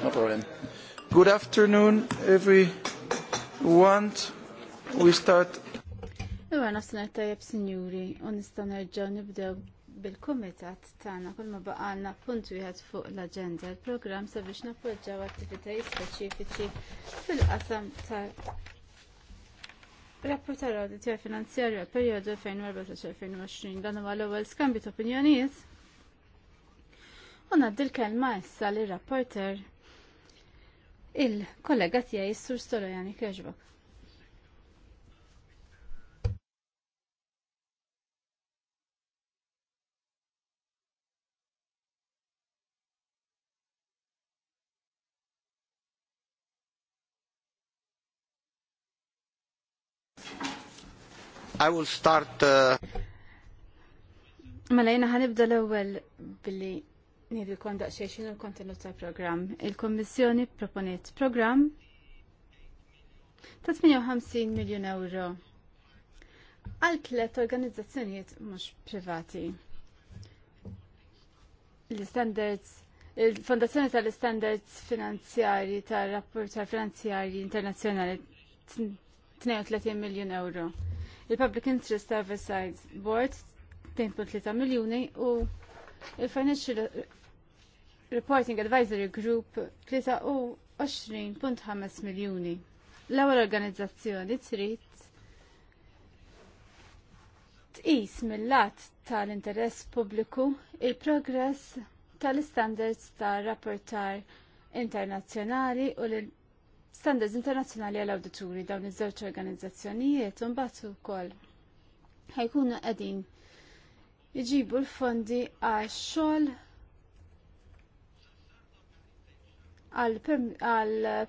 No problem. Good afternoon, everyone. We start. Iwa nafsna tajab sinjuri, unista nerġaw nibdew bil-komitat tagħna kull ma baqalna punt wieħed fuq l-aġenda l programm sabiex nappoġġaw attivitajiet speċifiċi fil-qasam tal Rapport tal auditjar finanzjarju periodu 2014-2020 dan huwa l-ewwel skambju ta' opinjonijiet. U ngħaddi l-kelma issa lir rapporter il-kollega tiegħi Sur Stolojani Kjoġbok. I will start uh... Malajna ħanibda l-ewwel billi Nidu kon daqxiexin il-kontenut tal-program. Il-Kommissjoni proponiet program ta' 58 miljon euro għal tlet organizzazzjonijiet mhux privati. L-standards il-Fondazzjoni tal-Standards Finanzjari tal-Rapportar Finanzjari Internazzjonali 32 miljon euro. Il-Public Interest Oversight Board 2.3 miljoni u il-Financial Reporting Advisory Group 23.5 miljoni. L-ewwel organizzazzjoni trid tqis mill-lat tal-interess pubbliku il-progress tal-standards tar rapportar internazzjonali u l-standards internazzjonali għal-awdituri dawn iż-żewġ organizzazzjonijiet mbagħad ukoll ħajkunu qegħdin jġibu l-fondi għax xogħol għal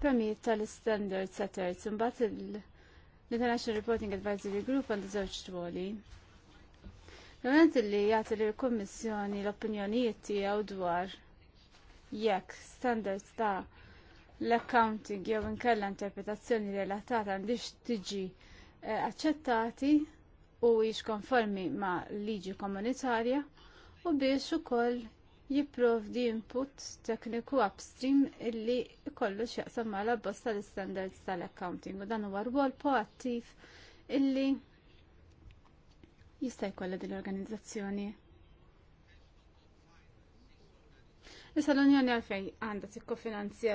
permit tal-standard setters imbagħad l-International Reporting Advisory Group għandu żewġ twoli. L-għant li jagħti lill-Kummissjoni l-opinjonijiet tiegħu dwar jekk standards ta' l-accounting jew inkella interpretazzjoni relatata għandix tiġi eh, aċċettati u jiex konformi ma' liġi komunitarja u biex ukoll jipprovdi input tekniku upstream illi jkollu x'jaqsam mala bosta l-standards tal-accounting u dan huwa rwol proattiv illi jista' jkollha din l-organizzazzjoni. Issa l-Unjoni għalfejn għandha tikkofinanzja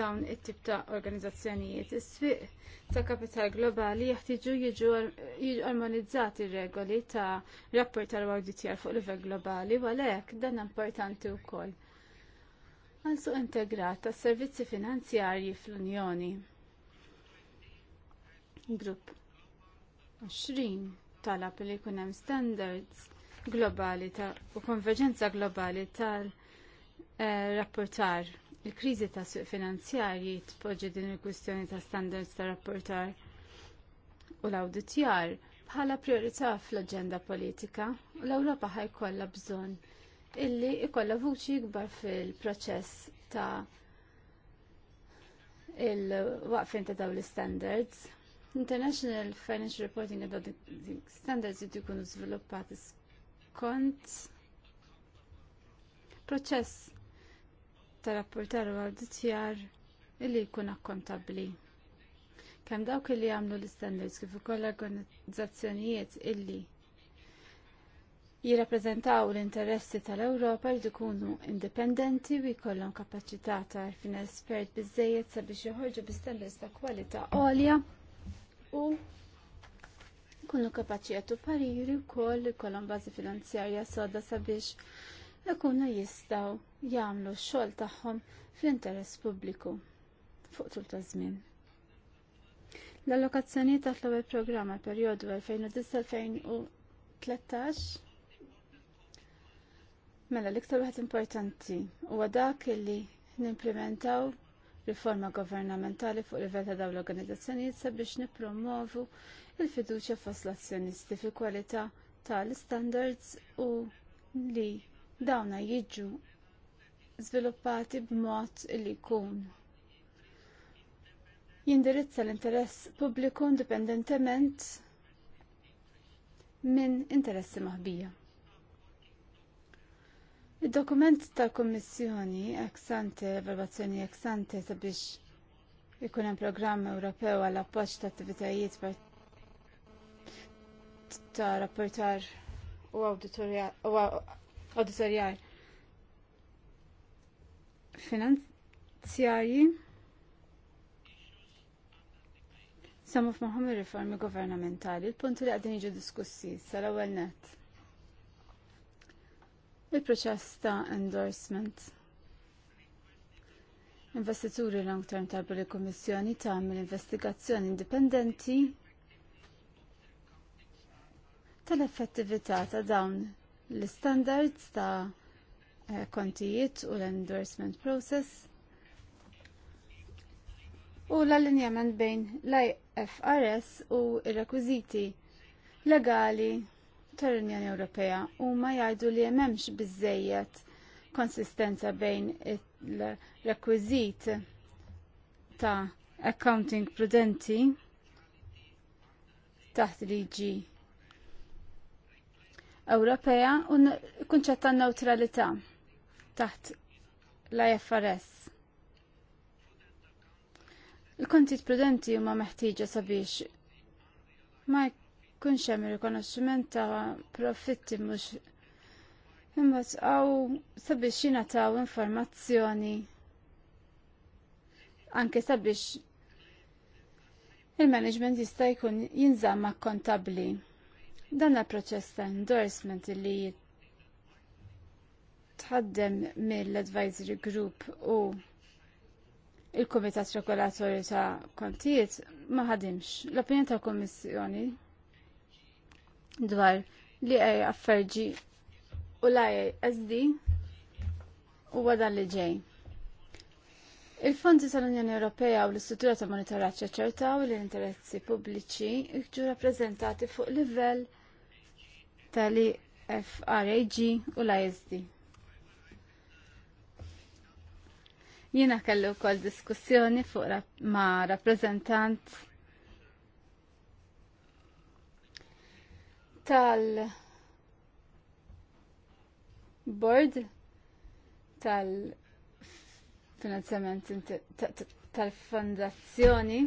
dawn it-tip ta' organizzazzjonijiet. Is-swieq ta' kapital globali jeħtieġu jiġu armonizzati regoli ta' rapport tal-WDTR fuq livell globali u għalhekk dan importanti wkoll. Għansu integrat ta' servizzi finanzjarji fl-Unjoni. Grupp 20 talab li jkun hemm standards globali ta' u konverġenza globali tal- Eh, rapportar. Il-kriżi ta' suq finanzjarji tpoġġi din il-kwistjoni ta' standards ta' rapportar u l-awditjar bħala priorità fl-aġenda politika u l-Ewropa ħajkollha bżonn illi jkollha vuċi ikbar fil-proċess ta' il-waqfin ta' dawn l-standards. International Financial Reporting Adopting Standards jiddu jkunu żviluppati skont proċess ta' rapportar u għawditjar illi jkun akkontabli. Kem dawk illi għamlu l-standards kif ukoll organizzazzjonijiet illi jirrappreżentaw l-interessi tal-Ewropa li ikunu indipendenti u jkollhom kapaċità ta' fin espert biżżejjed sabiex joħorġu bi standards ta' kwalità għolja u jkunu kapaċi jagħtu pariri wkoll ikollhom bażi finanzjarja soda sabiex ikunu jistgħu jagħmlu x-xogħol tagħhom fl-interess pubbliku fuq tul ta' żmien. l allokazzjonijiet taħt l-ewwel programma perjodu 2009-2013 Mela l-iktar wieħed importanti huwa dak li nimplementaw riforma governamentali fuq livell ta' dawn l-organizzazzjonijiet sabiex nippromovu il-fiduċja fost l-azzjonisti fil kwalità tal-standards u li dawna jiġu żviluppati b'mod li jkun jindirizza l-interess pubbliku indipendentement minn interessi maħbija. Id-dokument tal-Kommissjoni ex-ante, evalwazzjoni ex-ante sabiex ikun hemm programm Ewropew għal appoġġ ta' attivitajiet ta' rapportar u auditorjar finanzjarji Samu f'maħom il-reformi governamentali, il-punti li għadin iġu diskussi sal-ewel net. Il-proċess ta' endorsement. Investituri long term tarbu li ta' mill investigazzjoni indipendenti tal-effettività ta' dawn l-standards ta' Eh, kontijiet u l-endorsement process u l-allinjament bejn l-IFRS u r-rekwiżiti legali tal-Unjoni Ewropea u ma jgħidu li jememx bizzejiet konsistenza bejn il-rekwizit ta' accounting prudenti taħt liġi Ewropea u kunċett ta' newtralità taħt l-IFRS. Il-kontit prudenti huma meħtieġa sabiex ma jkunx hemm rikonoxximent ta' profitti mhux imbagħad għaw sabiex jingħataw informazzjoni anke sabiex il-management jista' jkun jinżamm akkontabbli. Dan il-proċess ta' endorsement li tħaddem mill-advisory group u il-Komitat Regolatorju ta' Kontijiet ma ħadimx. L-opinjoni ta' komissjoni dwar li għaj affarġi u l-IASD u għadan li ġej. Il-fondi tal-Unjoni Ewropea u l-istruttura ta' monitoraċċa ċertaw li l-interessi pubbliċi ġu rappreżentati fuq livell tal ifrag u l-ISD. Jiena kellu wkoll diskussjoni fuq rap ma' rappreżentant tal board tal finanzjament tal-fondazzjoni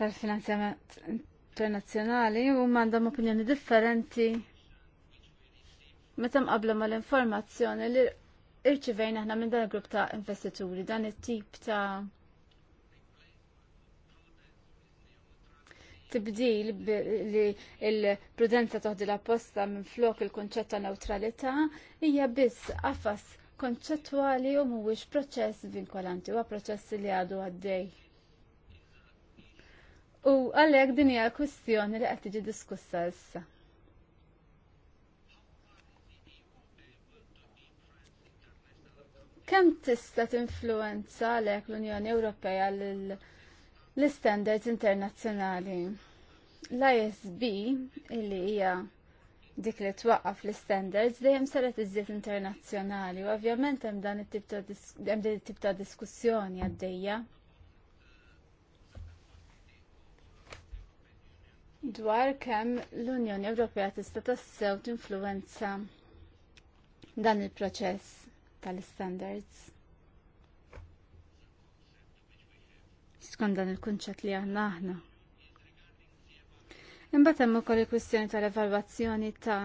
tal-finanzjament internazzjonali u għandhom opinjoni differenti meta qablu mal-informazzjoni li irċivejna aħna minn dan il-grupp ta' investituri, dan it-tip ta' tibdil li il-prudenza toħdi la posta minn flok il-konċett ta' neutralità hija biss qafas konċettwali u mhuwiex proċess vinkolanti huwa proċess li għadu għaddej. U għalhekk din hija kwistjoni li qed tiġi diskussa issa. Kemm tista' tinfluenza għalhekk l-Unjoni Ewropea l-istandards internazzjonali? L-ISB illi hija dik li twaqqaf l-standards dejjem saret iżjed internazzjonali u ovvjament hemm dan it-tip ta' diskussjoni għaddejja. Dwar kemm l-Unjoni Ewropea tista' tassew tinfluwenza dan il-proċess tal-standards. Skont dan il-kunċett li għanna aħna. Imbagħad hemm ukoll il-kwistjoni tal-evalwazzjoni ta'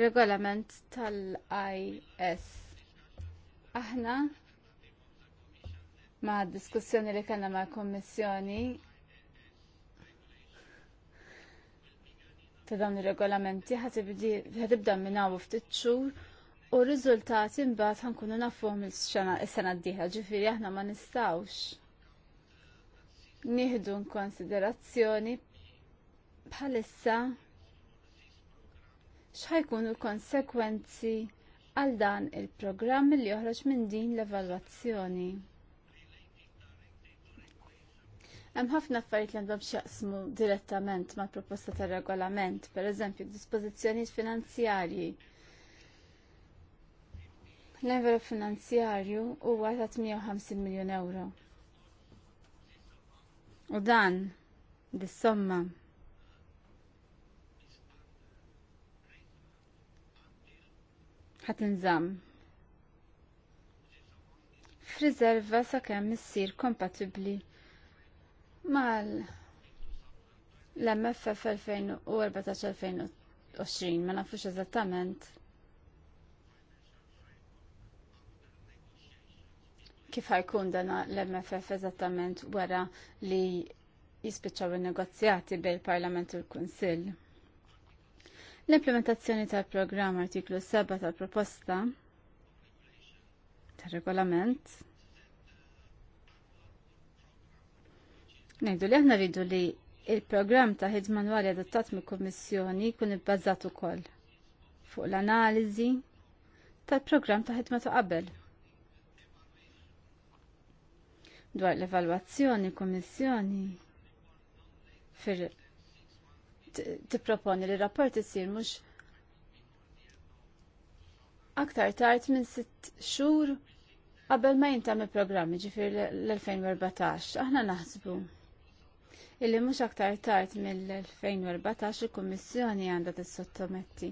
regolament tal-IS. Aħna ma' diskussjoni li kellna ma' kommissjoni ta' dawn ir-regolamenti ħadibda minnaw ftit xhur U r-riżultati mbagħad ħankunu nafuhom is-sena d-dieħla, ġifieri aħna ma nistgħux nieħdu konsiderazzjoni bħalissa x'ħajkunu l-konsekwenzi għal dan il-programm li joħroġ minn din l-evalwazzjoni. Hemm ħafna affarijiet li għandhom x'jaqsmu direttament mal proposta tar-regolament, pereżempju dispożizzjonijiet finanzjarji l-envelop finanzjarju huwa ta' 850 miljon euro. U dan, dis somma ħatinżam. F'riserva sakemm issir kompatibbli mal l-MFF 2014-2020 ma nafux eżattament kif ħajkun dan l-MFF eżattament wara li jispiċċaw il-negozjati bejn il-Parlament u l-Kunsill. L-implementazzjoni tal-programm artiklu 7 tal-proposta tal-regolament Nejdu li aħna rridu li il-programm ta' ħid manwali adottat mill kummissjoni kun ibbażat ukoll fuq l-analiżi tal-programm ta' ħidma ta' qabel. dwar l-evalwazzjoni kummissjoni fir tipproponi li rapport isir mhux aktar tard minn sitt xhur qabel ma jintam il-programmi ġifir l-2014. Aħna naħsbu illi mhux aktar tard mill-2014 il-Kummissjoni għandha sottometti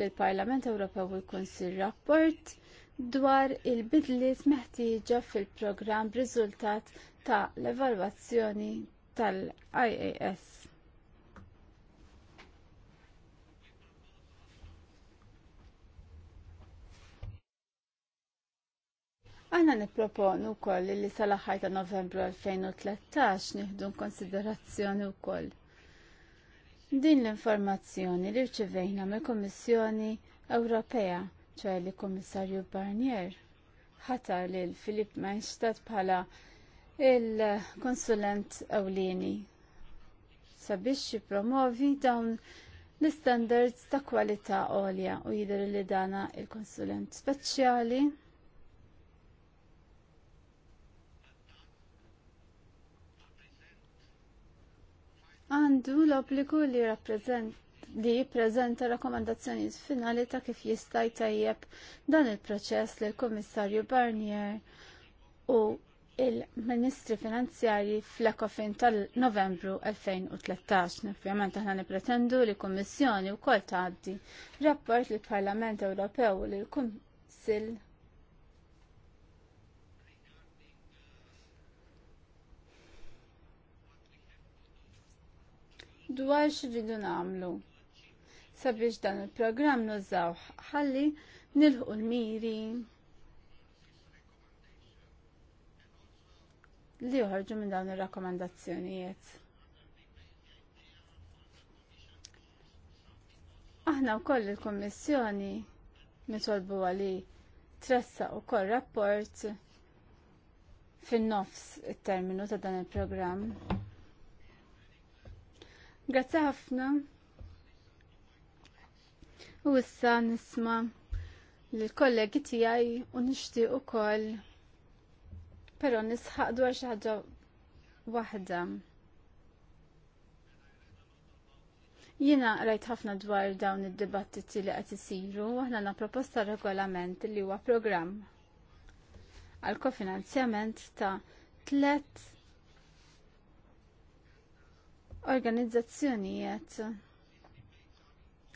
lill parlament Ewropew u l-Kunsill rapport dwar il-bidliet meħtieġa fil-programm riżultat ta' l-evalwazzjoni tal-IAS. Għanna niproponu koll li sal-axħar ta' novembru 2013 nieħdu konsiderazzjoni u koll. Din l-informazzjoni li rċivejna mill kummissjoni Ewropea ċe li komissarju Barnier ħatar li l-Filip Manstadt bħala il-konsulent ewlieni sabiex jipromovi dawn l-standards ta' kwalità għolja u jidher li dana il-konsulent speċjali għandu l-obbligu li rappresent li jippreżenta rakkomandazzjonijiet finali ta' kif jista' jtajjeb dan il-proċess lil kummissarju Barnier u il-Ministri Finanzjarji fl-Ekofin tal-Novembru 2013. Ovvjament aħna nipretendu li kummissjoni wkoll tgħaddi rapport lill parlament Ewropew u lill kunsill dwar xridu nagħmlu sabiex dan il-programm nużaw ħalli nilħu l-miri li uħarġu minn dawn il-rakkomandazzjonijiet. Aħna wkoll il-Kommissjoni nitolbu għali tressa u koll rapport fin-nofs it-terminu ta' dan il-programm. Grazzi ħafna. U issa nisma l-kollegi tiegħi u nixtieq ukoll però nisħaq dwar xi ħaġa waħda. Jina rajt ħafna dwar dawn id-dibattiti li qed isiru u aħna proposta regolament li huwa programm għal kofinanzjament ta' tlet organizzazzjonijiet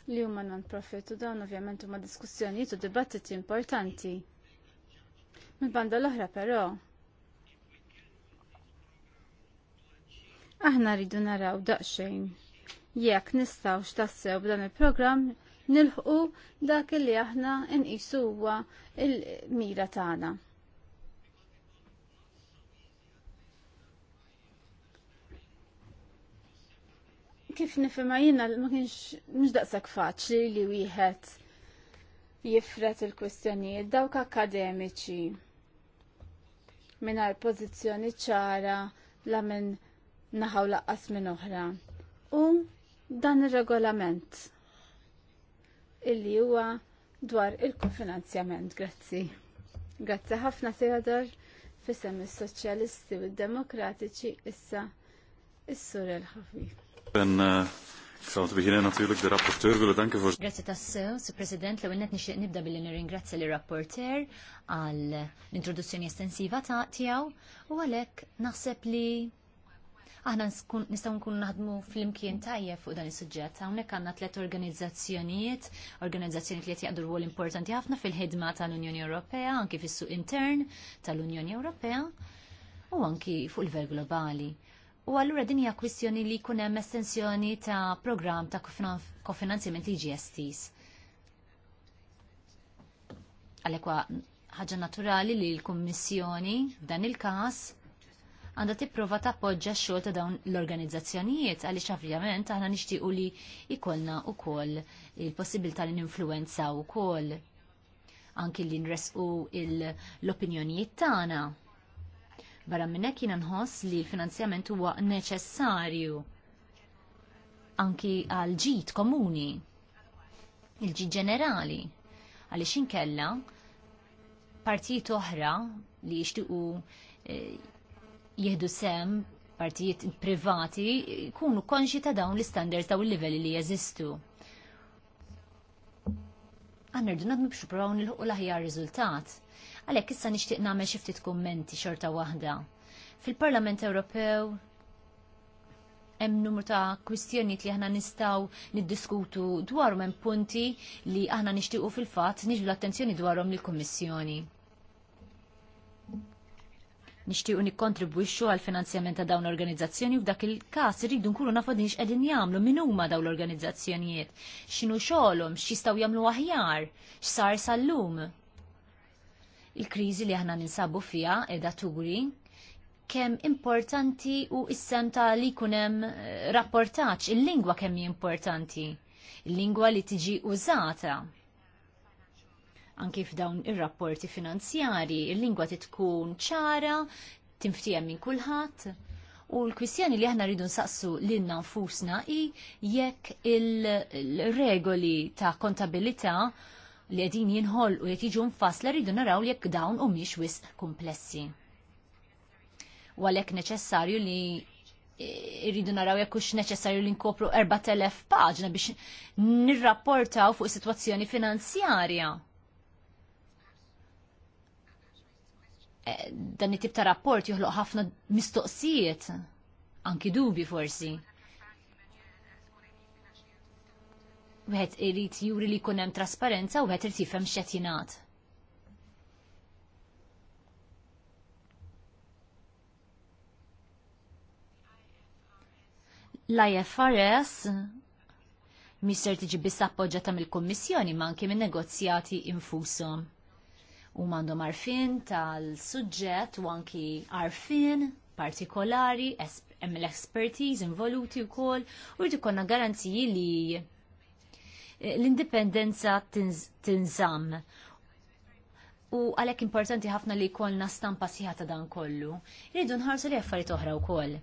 li huma non-profit u dawn ovvjament huma diskussjonijiet u dibattiti importanti. mil banda l-oħra però. Aħna rridu naraw daqsxejn. Jekk nistgħu x'tassew b'dan il-programm nilħqu dak li aħna nqisu huwa l mira tagħna. kif nifhimha jiena ma kienx mhux daqshekk faċli li wieħed jifret il-kwistjonijiet dawk akademiċi mingħajr pożizzjoni ċara la minn naħaw laqqas minn oħra. U dan ir-regolament illi huwa dwar il-kofinanzjament, grazzi. Grazzi ħafna Theodor fissem is-soċjalisti u d-demokratiċi issa is-sur il-ħafif. En eh, ik zou te rapporteur Grazie tassew, su president, l għennet nixtieq nibda billi nirringrazzja li rapporter għal l-introduzzjoni estensiva ta' tijaw u għalek naħseb li aħna nistaw nkunu naħdmu fl-imkien tajjeb fuq dan is-suġġett. Hawnhekk għandna tliet organizzazzjonijiet, organizzazzjonijiet li qed jaqdu rwol importanti ħafna fil-ħidma tal-Unjoni Ewropea, anki fis-suq intern tal-Unjoni Ewropea u anki fuq il-ver globali. U allura din hija kwistjoni li jkun hemm estensjoni ta' programm ta' kofinanzjament li GSTs. Għalhekk ħaġa naturali li l-Kummissjoni f'dan il-każ għandha tipprova tappoġġa x-xogħol ta' dawn l-organizzazzjonijiet għaliex ovvjament aħna nixtiequ li jkollna wkoll il-possibilità li ninfluwenzaw ukoll anki li nresqu l-opinjonijiet tagħna Barra minn hekk nħoss li l-finanzjament huwa neċessarju anki għal ġid komuni, il-ġid ġenerali, għaliex inkella partijiet oħra li jixtiequ jihdu eh, jieħdu sem partijiet privati jkunu konxi ta' dawn l-standards daw il-livelli li jeżistu. Għannerdu nadmu biex provaw nilħu l-aħjar riżultat. Għalhekk issa nixtieq nagħmel xi ftit kummenti xorta waħda. Fil-Parlament Ewropew hemm numru ta' kwistjonijiet li aħna nistgħu niddiskutu dwarhom hemm punti li aħna nixtiequ fil-fatt niġu l-attenzjoni dwarhom lill-Kummissjoni. Nixtiequ nikkontribwixxu għal finanzjament ta' dawn l-organizzazzjoni u f'dak il-każ irridu nkunu nafu din x'qegħdin jagħmlu min huma dawn l-organizzazzjonijiet, x'inhu xogħolhom, x'jistgħu jagħmlu aħjar, x'sar sal-lum il-kriżi li aħna ninsabu fija edha turi kemm importanti u issem ta' li kunem eh, rapportaċ il-lingwa kemm importanti, il-lingwa li tiġi użata anki f'dawn ir-rapporti finanzjari, il-lingwa titkun ċara, timftija minn kulħadd. U l-kwistjoni li aħna rridu nsaqsu lilna nfusna hi jekk il-regoli ta' kontabilità li għedin jinħol u qed jiġu mfassla rridu naraw li jekk dawn humiex wisq komplessi. U għalhekk neċessarju li irridu e, naraw jekk hux neċessarju li nkopru 4000 paġna biex nirrapportaw fuq is-sitwazzjoni finanzjarja. E, dan it-tip ta' rapport joħloq ħafna mistoqsijiet, anki dubi forsi. wieħed irid juri li jkun hemm trasparenza u wieħed irid jifhem x'qed jingħad. L-IFRS mister tiġi biss ta' mill-Kummissjoni ma anke minn negozjati infushom. U m'għandhom arfin tal-suġġett u anki arfin partikolari, hemm l-expertise involuti wkoll u jrid ikollna garanziji li Eh, l-indipendenza tinżamm. U għalhekk importanti ħafna li jkollna stampa siħa ta' dan kollu. Rridu nħarsu li affarijiet oħra wkoll.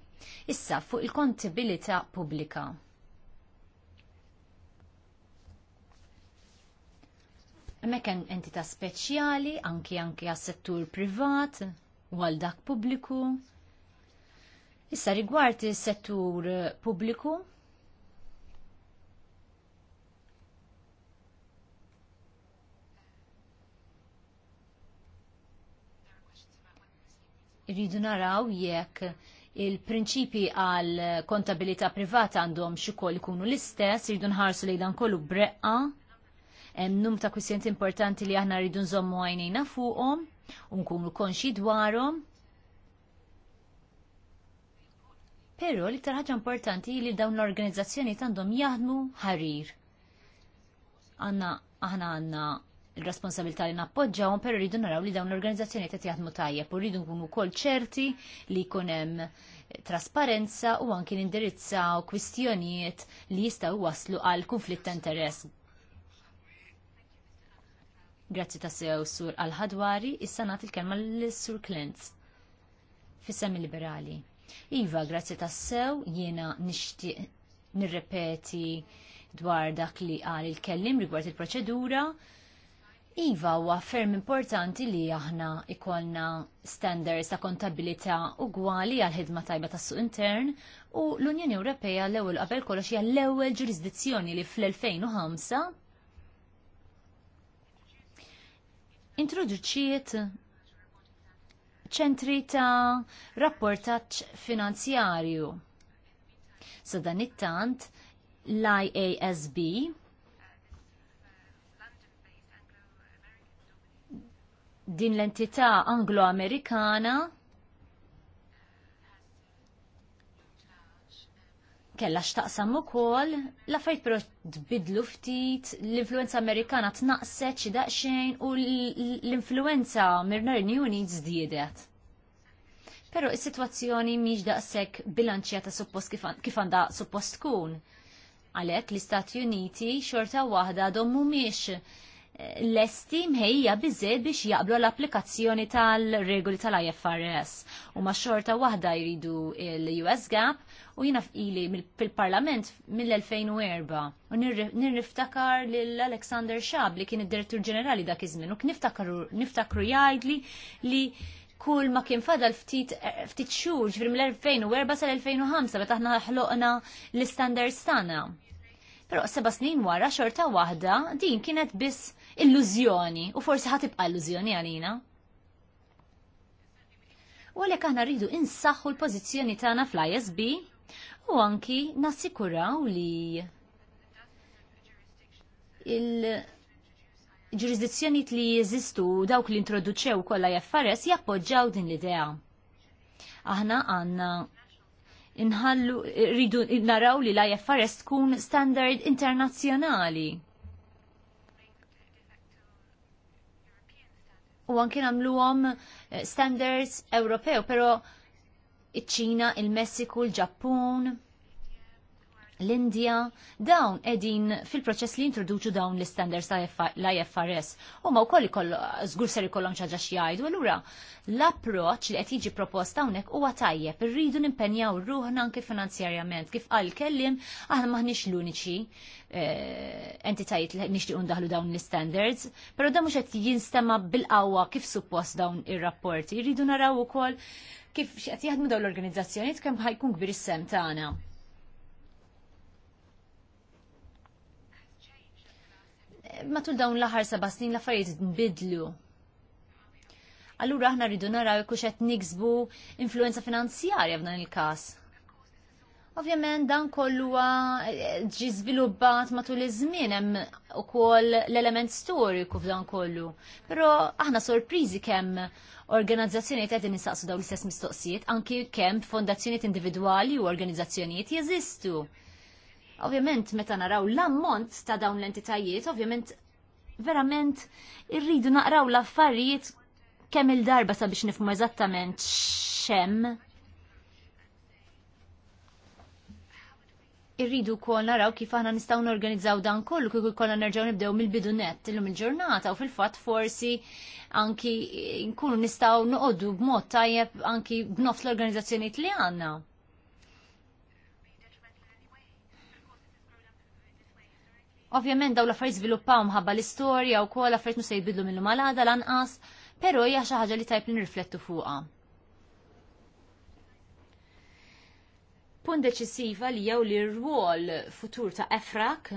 Issa fuq il-kontibilità pubblika. Hemmhekk hemm entità speċjali anki anki għas-settur privat u għal dak pubbliku. Issa rigward is-settur pubbliku, Rridu naraw jekk il-prinċipi għal kontabilità privata għandhom x'ikol ikunu l-istess, rridu nħarsu li dan kollu breqqa, hemm num ta' kwistjoni importanti li aħna rridu nżommu għajnejna fuqhom, u nkunu konxi dwarhom. Però l-iktar ħaġa importanti li dawn l-organizzazzjoni għandhom jaħdmu ħarir. Għanna aħna għanna il-responsabilità li nappoġġaw, però rridu naraw li dawn l-organizzazzjoni qed jaħdmu tajjeb u rridu nkunu wkoll ċerti li jkun hemm trasparenza u anki nindirizzaw kwistjonijiet li jistgħu waslu għal konflitt ta' interess. Grazzi ta' sew sur għal-ħadwari, issa nagħti il-kelma l-sur Clint fis liberali. Iva, grazzi ta' sew, jiena nixtieq nirrepeti dwar dak li qal il-kellim rigward il-proċedura. il proċedura Iva huwa ferm importanti li aħna ikollna standards ta' kontabilità ugwali għal ħidma tajba tas suq intern u l-Unjoni Ewropea l-ewwel qabel kollox hija l-ewwel ġurisdizzjoni li fl-2005 introduċiet ċentri ta' rapportaċ finanzjarju. Sa dan it-tant l-IASB din l-entità anglo-amerikana kella xtaqsam ukoll l-affarijiet però tbidlu ftit, l-influenza Amerikana tnaqset xi daqsxejn u l-influenza mir-Northern Union żdiedet. Però is-sitwazzjoni mhix daqshekk bilanċjata suppost kif għandha suppost tkun. Għalhekk l-Istati Uniti xorta waħda għadhom mhumiex lesti ħejja biżed biex jaqblu l-applikazzjoni tal-regoli tal-IFRS u ma xorta waħda jridu l-US Gap u jina fili fil-parlament mill-2004 u nirriftakar l-Alexander Xab li kien id-direttur ġenerali dak iż-żmien u niftakru jgħidli li kull ma kien fadal ftit ftit xhur ġifri mill-2004 sal-2005 bet aħna ħloqna l-istandards tagħna. Però seba' snin wara xorta waħda din kienet biss illużjoni u forsi ħatibqa' illużjoni għalina. U għalhekk aħna rridu insaħħu l-pożizzjoni tagħna fl-ISB u anki nassikuraw li il ġurisdizzjoniet li jeżistu dawk li introduċew kollha jaffares jappoġġaw din l-idea. Aħna għandna inħallu rridu naraw li la jaffares tkun standard internazzjonali. u anki nagħmluhom eh, standards Ewropew, pero iċ-Ċina, il-Messiku, il-Ġappun. il messiku il messiku il ġappun l-Indja dawn edin fil-proċess li introduċu dawn l-standards l-IFRS u ma wkoll ikollu żgur ser ikollhom ċaġa xjajdu, jgħidu allura l-approċċ li qed jiġi proposta hawnhekk huwa tajjeb irridu nimpenjaw ruħna anki finanzjarjament kif għal kellim aħna maħniex l-uniċi eh, entitajiet li nixtiequ ndaħlu dawn l-standards, però da mhux qed jinstema' bil-qawwa kif suppost dawn ir-rapporti. Irridu naraw ukoll kif qed jaħdmu dawn l-organizzazzjonijiet kemm ħajkun kbir is-sem tagħna matul dawn l-aħħar seba' snin l-affarijiet nbidlu. Allura aħna rridu naraw jekk qed niksbu influenza finanzjarja f'dan il-każ. Ovvjament dan kollu eh, ġi żviluppat matul iż-żmien hemm ukoll l-element storiku f'dan kollu. Però aħna sorpriżi kemm organizzazzjonijiet qegħdin nistaqsu dawn l-istess mistoqsijiet anki kemm fondazzjonijiet individwali u organizzazzjonijiet jeżistu Ovvjament, meta naraw l-ammont ta' dawn l-entitajiet, ovvjament, verament irridu naqraw l-affarijiet kemm il-darba sabiex nifmu eżattament xem. Irridu kol naraw kif aħna nistgħu norganizzaw dan kollu kieku jkollna nerġgħu nibdew mill nett illum il-ġurnata u fil-fatt forsi anki nkunu nistgħu noqogħdu b'mod tajjeb anki b'nofs l-organizzazzjonijiet li għandna Ovvjament daw l-affarijiet żviluppaw mħabba l-istorja u kol affarijiet mhux se jbidlu minnu malada lanqas, però hija xi ħaġa li tajb li nirriflettu fuqha. Punt deċisiva li jew li r-rwol futur ta' EFRAK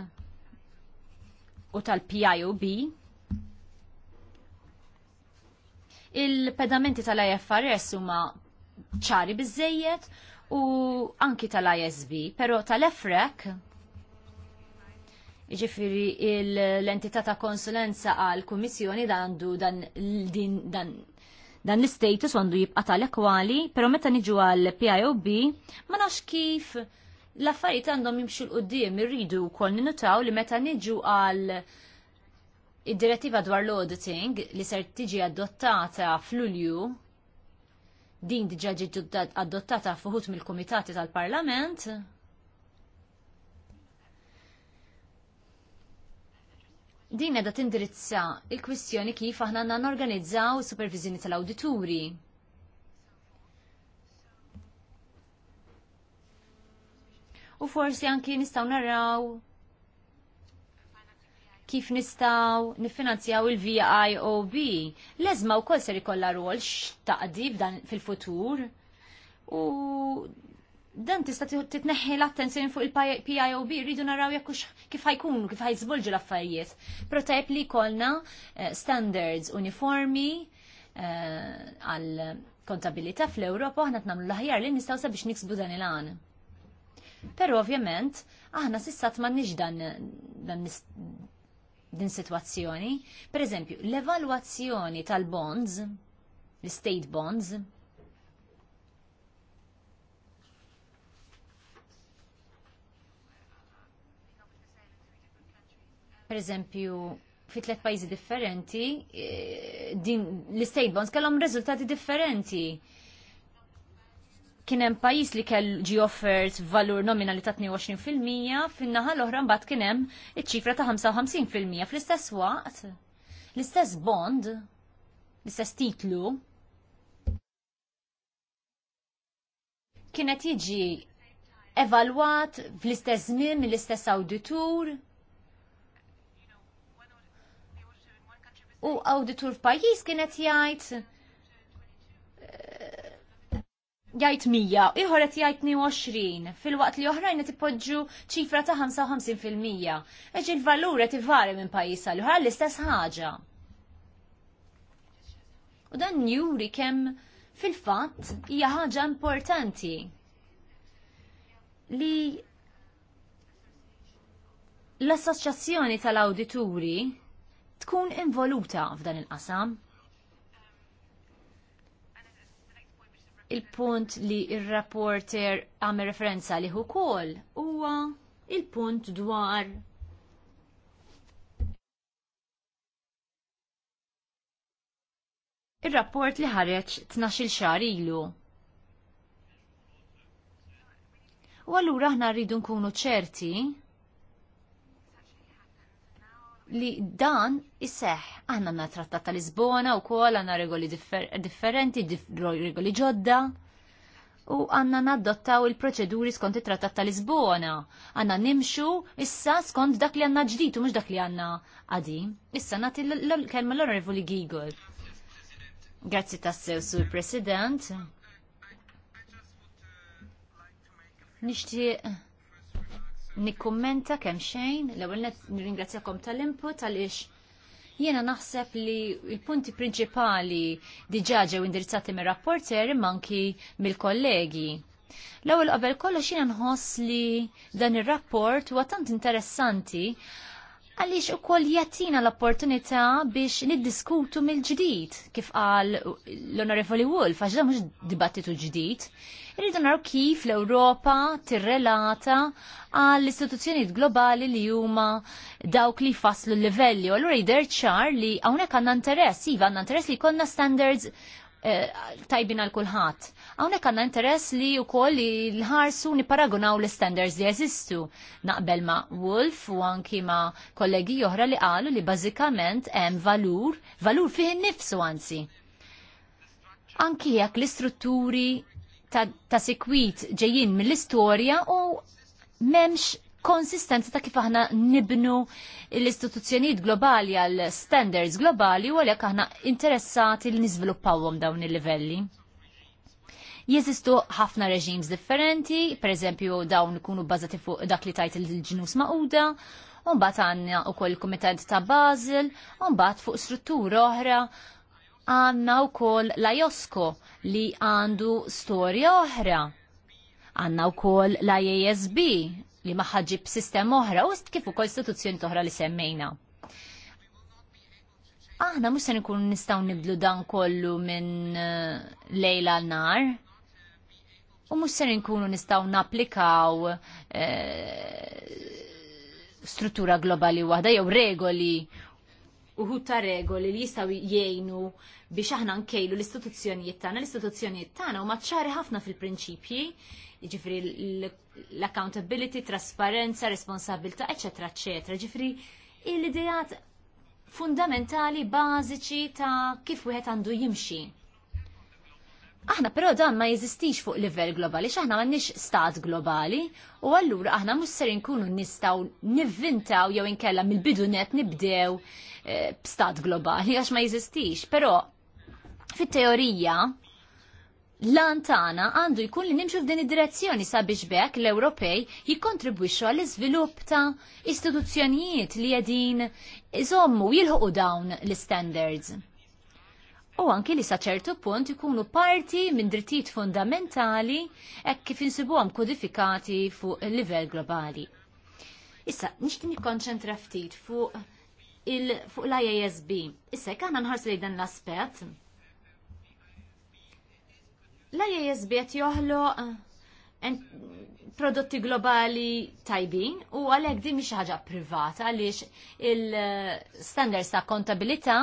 u tal-PIOB il-pedamenti tal-IFRS huma ċari biżejjed u anki tal-ISB, pero tal efrak Ġifiri l-entità ta' konsulenza għal kummissjoni dan għandu dan dan dan l-status għandu jibqa tal ekwali pero meta niġu għal PIOB, ma nafx kif l-affarijiet għandhom jimxu l-qoddim, irridu kol ninutaw li meta niġu għal id-direttiva dwar l-auditing li ser tiġi adottata f'Lulju, din diġa ġiġi adottata fuħut mill-Kumitati tal-Parlament, din edha tindirizza il-kwistjoni kif aħna għanna organizzaw supervizjoni tal-awdituri. U forsi anki nistaw naraw kif nistaw nifinanzjaw il-VIOB. Lezma u kol ser ikolla rol xtaqdi fil-futur u dan tista' titneħħi l-attenzjoni fuq il-PIOB, rridu naraw jekk kif ħajkunu, kif ħajżvolġu l-affarijiet. Però tajb li kolna eh, standards uniformi eh, għal kontabilità fl-Ewropa aħna tnamlu l-aħjar li nistgħu sabiex niksbu dan il-għan. Però ovvjament aħna sissat nix dan din situazzjoni. Per eżempju, l-evalwazzjoni tal-bonds, l-state bonds, l state bonds Per eżempju, fi tliet pajjiżi differenti, e, din l-state bonds kellhom riżultati differenti. Kien hemm pajjiż li kell ġi offert valur nominali ta' 22% fin-naħa l-oħra mbagħad kien hemm iċ-ċifra ta' 55% fl-istess waqt. L-istess bond, l-istess titlu, kienet jiġi evalwat fl-istess żmien mill-istess awditur u awditur f'pajjiż kienet jgħid eh, jgħid 100, ieħor qed jgħid 20, fil-waqt li oħrajn qed ipoġġu ċifra ta' 55%. Eġi l-valur qed ivari minn pajjiż għal oħra l-istess ħaġa. U dan juri kemm fil-fatt hija ħaġa importanti li l-assoċjazzjoni tal-awdituri tkun involuta f'dan il-qasam. Il-punt li il-rapporter għame referenza li hu kol huwa il-punt dwar il-rapport li ħareġ 12 xar ilu. U allura aħna rridu nkunu ċerti li dan isseħ. Aħna għanna trattat ta' Lisbona u kol għanna regoli differ differenti, dif regoli ġodda. U għanna naddottaw il-proċeduri skont it-trattat ta' Lisbona. Għanna nimxu issa skont dak li għanna ġditu, u mux dak li għanna għadim. Issa nati l-kelma l-onorevoli Gigol. Grazzi tassew, sur President. Nishtiq nikkummenta kemm xejn, l-ewwel nirringrazzjakom tal-input għaliex jiena naħseb li il-punti prinċipali ġew indirizzati mir rapporter manki mill-kollegi. L-ewwel qabel kollox jiena nħoss li dan ir-rapport huwa tant interessanti għaliex ukoll jagħtina l-opportunità biex niddiskutu mill-ġdid kif qal l-Onorevoli Wolf għax dan mhux dibattitu ġdid Irridu naraw kif l-Ewropa tirrelata għall istituzzjoni globali li huma dawk li faslu l-livelli. allura jidher ċar li hawnhekk għandna interess, iva għandna interess li jkollna standards eh, tajbin għal kulħadd. Hawnhekk għandna interess li wkoll li l-ħarsu niparagunaw l-standards li jeżistu. Naqbel ma' Wolf u anki ma' kollegi oħra li qalu li bażikament hemm valur, valur fih innifsu anzi. Anki jekk l-istrutturi ta' sikwit ġejjin mill-istorja u memx konsistenza ta' kif aħna nibnu l-istituzzjonijiet globali għal standards globali u għalhekk aħna interessati li niżviluppawhom dawn il-livelli. Jeżistu ħafna reġims differenti, per eżempju dawn ikunu bbażati fuq dak li tajt il ġinus maquda, un bat għanna u il komitat ta' Basel, un bat fuq struttura oħra għanna u kol la Josko li għandu storja oħra. Għanna u kol la JSB li maħħġib sistem oħra u kif ukoll istituzzjoni oħra li semmejna. Aħna mhux se ikun nistgħu nibdlu dan kollu minn eh, lejla l nar u mhux se nkunu nistgħu napplikaw eh, struttura globali waħda jew regoli uħu ta' regoli li jistaw jgħinu biex aħna nkejlu l-istituzzjonijiet tagħna, l-istituzzjonijiet tagħna huma ċari ħafna fil-prinċipji, jiġifieri l-accountability, trasparenza, responsabilità, eċetera, eċetera. Ġifri l-idejat fundamentali, bażiċi ta' kif wieħed għandu jimxi. Aħna però dan ma jeżistix fuq livell globali, x'aħna m'għandniex stat globali, u allura aħna mhux ser nkunu nistgħu nivvintaw jew inkella mill-bidu net nibdew b'stat eh, globali għax ma jeżistix, però fit-teorija lan tagħna għandu jkun li nimxu f'din id-direzzjoni sabiex bekk l-Ewropej jikkontribwixxu għall iżvilupp ta' istituzzjonijiet li qegħdin iżommu jilħuqu dawn l-standards. U anki li sa ċertu punt ikunu parti minn drittijiet fundamentali hekk kif insibuhom kodifikati fuq il livell globali. Issa, nixtieq nikkonċentra ftit fuq fuq l-IASB. Issa jekk aħna nħarsu dan l-aspett. L-IASB qed joħlo eh, prodotti globali tajbin u għalhekk din mhix ħaġa privata għaliex il-standards ta' kontabilità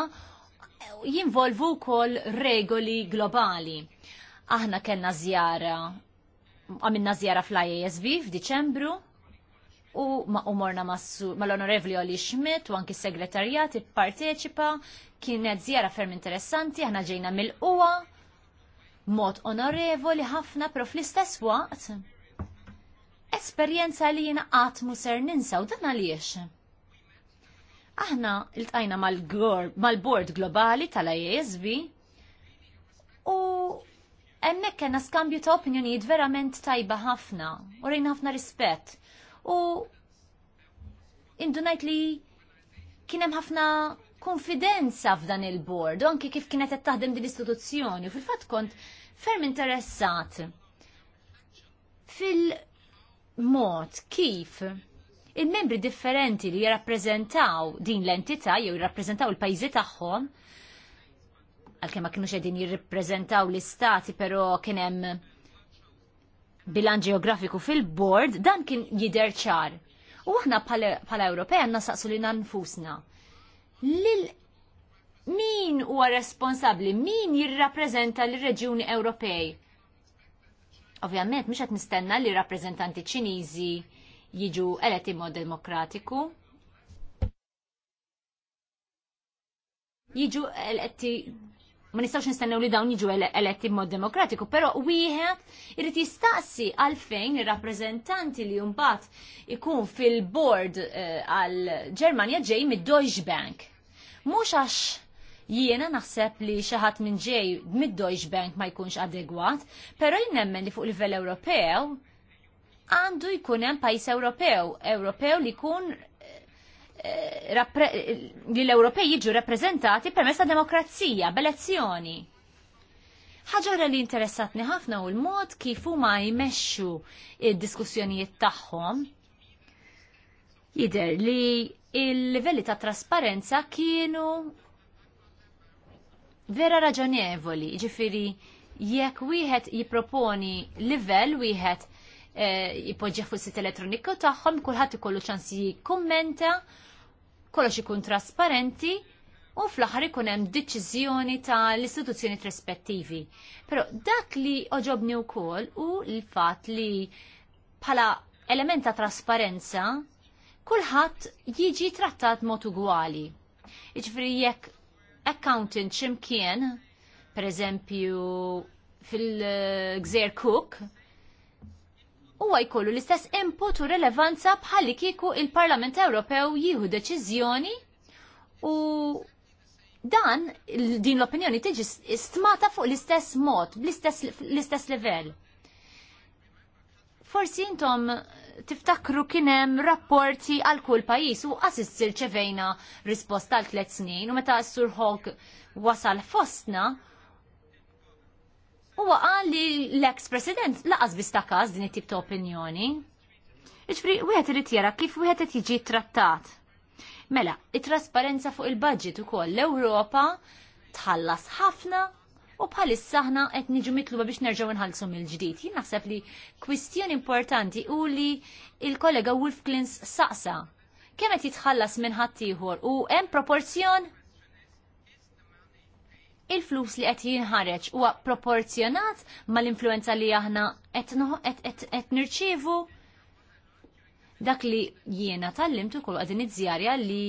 jinvolvu wkoll regoli globali. Aħna kellna żjara għamilna żjara fl-IASB f'Diċembru u ma umorna mal-onorevli Oli Schmidt u anki segretarjat ipparteċipa kienet zjara ferm interessanti ħana ġejna mill-uwa mod onorevoli ħafna prof fl-istess waqt esperjenza li jina qatt ser ninsa u dan għaliex. Aħna iltqajna mal-bord globali tal-IASB e u emmek kena skambju ta' opinjonijiet verament tajba ħafna u rejna ħafna rispett u indunajt li kienem ħafna konfidenza f'dan il-bord, anki kif kienet qed taħdem din istituzzjoni u fil-fatt kont ferm interessat fil-mod kif il-membri differenti li jirrappreżentaw din l-entità jew jirrappreżentaw il-pajjiżi tagħhom għalkemm ma kienu xedin jirrappreżentaw l-istati però kien hemm bilan ġeografiku fil-bord, dan kien jider ċar. U aħna bħala Ewropea saqsu li nanfusna. Lil min huwa responsabli, min jirrappreżenta l-reġjuni Ewropej? Ovvjament, mhux qed nistenna li rappreżentanti Ċiniżi jiġu eletti mod demokratiku. Jiġu eletti ma nistawx nistennew li dawn jiġu eletti b'mod demokratiku, però wieħed irid jistaqsi għalfejn ir-rappreżentanti li mbagħad ikun fil-board eh, għal Ġermanja ġej mid-Deutsche Bank. Mhux għax jiena naħseb li xi ħadd minn ġej mid-Deutsche Bank ma jkunx adegwat, però jnemmen li fuq livell Ewropew għandu jkun hemm pajjiż Ewropew, Ewropew li jkun Eh, li l-Ewropej jiġu rappreżentati permezz ta' demokrazija, b'elezzjoni. Ħaġa li interessatni ħafna u l-mod kif huma jmexxu id-diskussjonijiet tagħhom jidher li il-livelli ta' trasparenza kienu vera raġonevoli, ġifiri jekk wieħed jipproponi livell wieħed eh, jipoġġa fuq sit elettroniku tagħhom kulħadd ikollu ċans jikkummenta kollox ikun trasparenti u fl-aħħar ikun hemm deċiżjoni ta' l-istituzzjoni rispettivi. Però dak li oġobni wkoll u l-fatt li bħala element ta' trasparenza kulħadd jiġi trattat mod ugwali. Jiġifieri jekk accountant x'imkien, pereżempju fil-Gżer Cook, huwa jkollu l-istess input u rilevanza bħalli kieku il-Parlament Ewropew jieħu deċiżjoni u dan din l-opinjoni tiġi stmata fuq l-istess mod, l-istess level. Forsi intom tiftakru kienem rapporti għal kull pajis u għasist sirċevejna risposta għal tlet snin u meta s surħok wasal fostna Huwa għan li l-ex-president laqas bistakas din it-tip ta' opinjoni. Iġfri, u għet jara kif u għet jiġi trattat. Mela, it-trasparenza fuq il-budget u koll l-Europa tħallas ħafna u bħalissa ħna qed niġu mitluba biex nerġgħu nħallsu mill-ġdid. Jien naħseb li kwistjoni importanti u li il-kollega Wolf Klins saqsa. Kemm qed jitħallas minn ħaddieħor u hemm proporzjon il-flus li qed jinħareġ huwa proporzjonat mal-influenza li aħna qed nirċievu dak li jiena tal limtu ukoll għadin iżjarja li